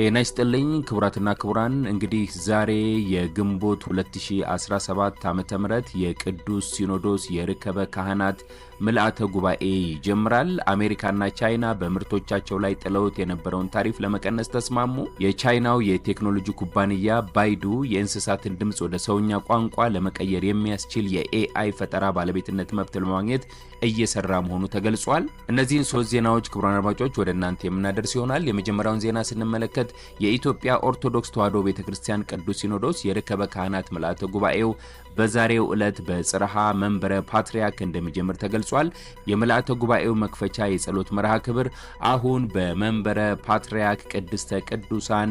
ጤና ይስጥልኝ ክቡራትና ክቡራን፣ እንግዲህ ዛሬ የግንቦት 2017 ዓ ም የቅዱስ ሲኖዶስ የርክበ ካህናት ምልአተ ጉባኤ ይጀምራል። አሜሪካና ቻይና በምርቶቻቸው ላይ ጥለውት የነበረውን ታሪፍ ለመቀነስ ተስማሙ። የቻይናው የቴክኖሎጂ ኩባንያ ባይዱ የእንስሳትን ድምፅ ወደ ሰውኛ ቋንቋ ለመቀየር የሚያስችል የኤአይ ፈጠራ ባለቤትነት መብት ለማግኘት እየሰራ መሆኑ ተገልጿል። እነዚህን ሶስት ዜናዎች ክቡራን አድማጮች ወደ እናንተ የምናደርስ ይሆናል። የመጀመሪያውን ዜና ስንመለከት የኢትዮጵያ ኦርቶዶክስ ተዋሕዶ ቤተ ክርስቲያን ቅዱስ ሲኖዶስ የርክበ ካህናት ምልአተ ጉባኤው በዛሬው ዕለት በጽርሃ መንበረ ፓትርያርክ እንደሚጀምር ተገልጿል። ገልጿል። የምልአተ ጉባኤው መክፈቻ የጸሎት መርሃ ክብር አሁን በመንበረ ፓትርያርክ ቅድስተ ቅዱሳን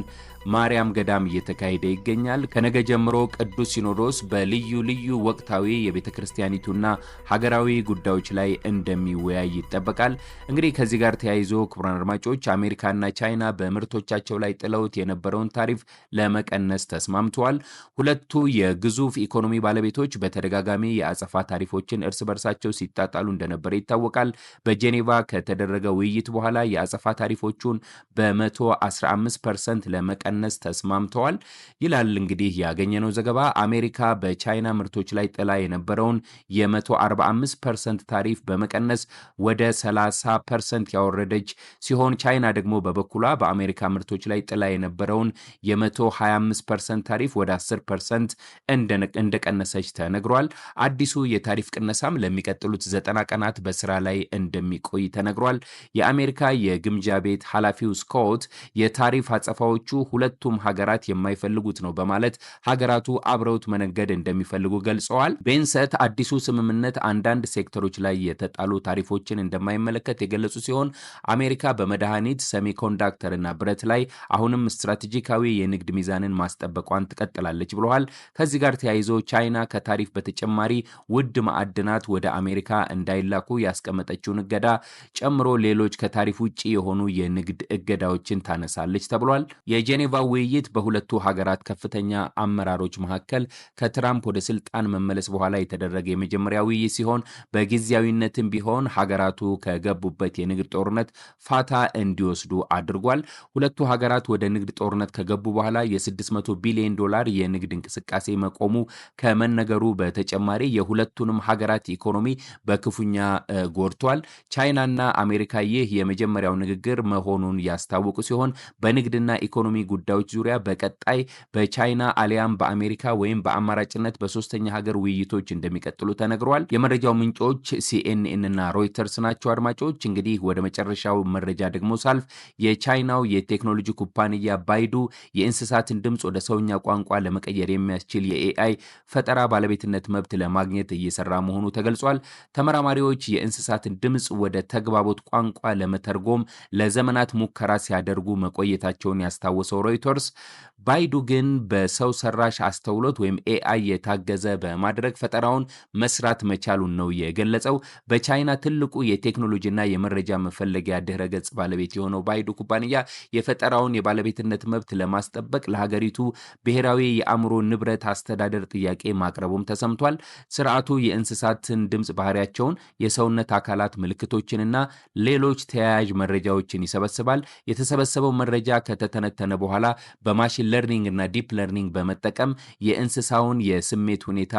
ማርያም ገዳም እየተካሄደ ይገኛል። ከነገ ጀምሮ ቅዱስ ሲኖዶስ በልዩ ልዩ ወቅታዊ የቤተ ክርስቲያኒቱና ሀገራዊ ጉዳዮች ላይ እንደሚወያይ ይጠበቃል። እንግዲህ ከዚህ ጋር ተያይዞ ክቡራን አድማጮች አሜሪካና ቻይና በምርቶቻቸው ላይ ጥለውት የነበረውን ታሪፍ ለመቀነስ ተስማምተዋል። ሁለቱ የግዙፍ ኢኮኖሚ ባለቤቶች በተደጋጋሚ የአጸፋ ታሪፎችን እርስ በርሳቸው ሲጣጣሉ ሲጣሉ እንደነበረ ይታወቃል። በጄኔቫ ከተደረገ ውይይት በኋላ የአጸፋ ታሪፎቹን በ115 ፐርሰንት ለመቀነስ ተስማምተዋል ይላል እንግዲህ ያገኘነው ዘገባ። አሜሪካ በቻይና ምርቶች ላይ ጥላ የነበረውን የ145 ፐርሰንት ታሪፍ በመቀነስ ወደ 30 ፐርሰንት ያወረደች ሲሆን ቻይና ደግሞ በበኩሏ በአሜሪካ ምርቶች ላይ ጥላ የነበረውን የ125 ፐርሰንት ታሪፍ ወደ 10 ፐርሰንት እንደቀነሰች ተነግሯል። አዲሱ የታሪፍ ቅነሳም ለሚቀጥሉት ዘጠና ለዘጠና ቀናት በስራ ላይ እንደሚቆይ ተነግሯል። የአሜሪካ የግምጃ ቤት ኃላፊው ስኮት የታሪፍ አጸፋዎቹ ሁለቱም ሀገራት የማይፈልጉት ነው በማለት ሀገራቱ አብረውት መነገድ እንደሚፈልጉ ገልጸዋል። ቤንሰት አዲሱ ስምምነት አንዳንድ ሴክተሮች ላይ የተጣሉ ታሪፎችን እንደማይመለከት የገለጹ ሲሆን አሜሪካ በመድኃኒት ሴሚኮንዳክተር እና ብረት ላይ አሁንም ስትራቴጂካዊ የንግድ ሚዛንን ማስጠበቋን ትቀጥላለች ብለዋል። ከዚህ ጋር ተያይዞ ቻይና ከታሪፍ በተጨማሪ ውድ ማዕድናት ወደ አሜሪካ እንዳይላኩ ያስቀመጠችውን እገዳ ጨምሮ ሌሎች ከታሪፍ ውጭ የሆኑ የንግድ እገዳዎችን ታነሳለች ተብሏል። የጄኔቫ ውይይት በሁለቱ ሀገራት ከፍተኛ አመራሮች መካከል ከትራምፕ ወደ ስልጣን መመለስ በኋላ የተደረገ የመጀመሪያ ውይይት ሲሆን በጊዜያዊነትም ቢሆን ሀገራቱ ከገቡበት የንግድ ጦርነት ፋታ እንዲወስዱ አድርጓል። ሁለቱ ሀገራት ወደ ንግድ ጦርነት ከገቡ በኋላ የ600 ቢሊዮን ዶላር የንግድ እንቅስቃሴ መቆሙ ከመነገሩ በተጨማሪ የሁለቱንም ሀገራት ኢኮኖሚ በክፉ ክፉኛ ጎድቷል። ቻይናና አሜሪካ ይህ የመጀመሪያው ንግግር መሆኑን ያስታወቁ ሲሆን በንግድና ኢኮኖሚ ጉዳዮች ዙሪያ በቀጣይ በቻይና አሊያም በአሜሪካ ወይም በአማራጭነት በሶስተኛ ሀገር ውይይቶች እንደሚቀጥሉ ተነግሯል። የመረጃው ምንጮች ሲኤንኤን እና ሮይተርስ ናቸው። አድማጮች እንግዲህ ወደ መጨረሻው መረጃ ደግሞ ሳልፍ የቻይናው የቴክኖሎጂ ኩባንያ ባይዱ የእንስሳትን ድምፅ ወደ ሰውኛ ቋንቋ ለመቀየር የሚያስችል የኤአይ ፈጠራ ባለቤትነት መብት ለማግኘት እየሰራ መሆኑ ተገልጿል። ተመራ ተመራማሪዎች የእንስሳትን ድምፅ ወደ ተግባቦት ቋንቋ ለመተርጎም ለዘመናት ሙከራ ሲያደርጉ መቆየታቸውን ያስታወሰው ሮይተርስ ባይዱ ግን በሰው ሰራሽ አስተውሎት ወይም ኤአይ የታገዘ በማድረግ ፈጠራውን መስራት መቻሉን ነው የገለጸው። በቻይና ትልቁ የቴክኖሎጂና የመረጃ መፈለጊያ ድህረ ገጽ ባለቤት የሆነው ባይዱ ኩባንያ የፈጠራውን የባለቤትነት መብት ለማስጠበቅ ለሀገሪቱ ብሔራዊ የአእምሮ ንብረት አስተዳደር ጥያቄ ማቅረቡም ተሰምቷል። ስርዓቱ የእንስሳትን ድምፅ ባህሪያቸውን የሚለውን የሰውነት አካላት ምልክቶችንና ሌሎች ተያያዥ መረጃዎችን ይሰበስባል። የተሰበሰበው መረጃ ከተተነተነ በኋላ በማሽን ለርኒንግ እና ዲፕ ለርኒንግ በመጠቀም የእንስሳውን የስሜት ሁኔታ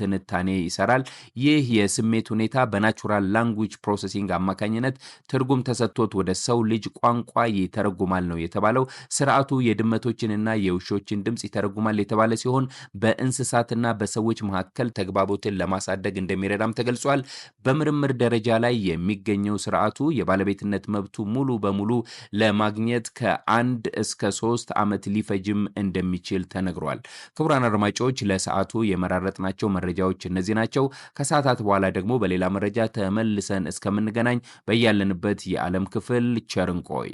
ትንታኔ ይሰራል። ይህ የስሜት ሁኔታ በናቹራል ላንጉጅ ፕሮሰሲንግ አማካኝነት ትርጉም ተሰጥቶት ወደ ሰው ልጅ ቋንቋ ይተረጉማል ነው የተባለው። ስርዓቱ የድመቶችንና የውሾችን ድምፅ ይተረጉማል የተባለ ሲሆን በእንስሳትና በሰዎች መካከል ተግባቦትን ለማሳደግ እንደሚረዳም ተገልጿል። በምርምር ደረጃ ላይ የሚገኘው ስርዓቱ የባለቤትነት መብቱ ሙሉ በሙሉ ለማግኘት ከአንድ እስከ ሶስት ዓመት ሊፈጅም እንደሚችል ተነግሯል። ክቡራን አድማጮች ለሰዓቱ የመራረጥናቸው መረጃዎች እነዚህ ናቸው። ከሰዓታት በኋላ ደግሞ በሌላ መረጃ ተመልሰን እስከምንገናኝ በያለንበት የዓለም ክፍል ቸርንቆይ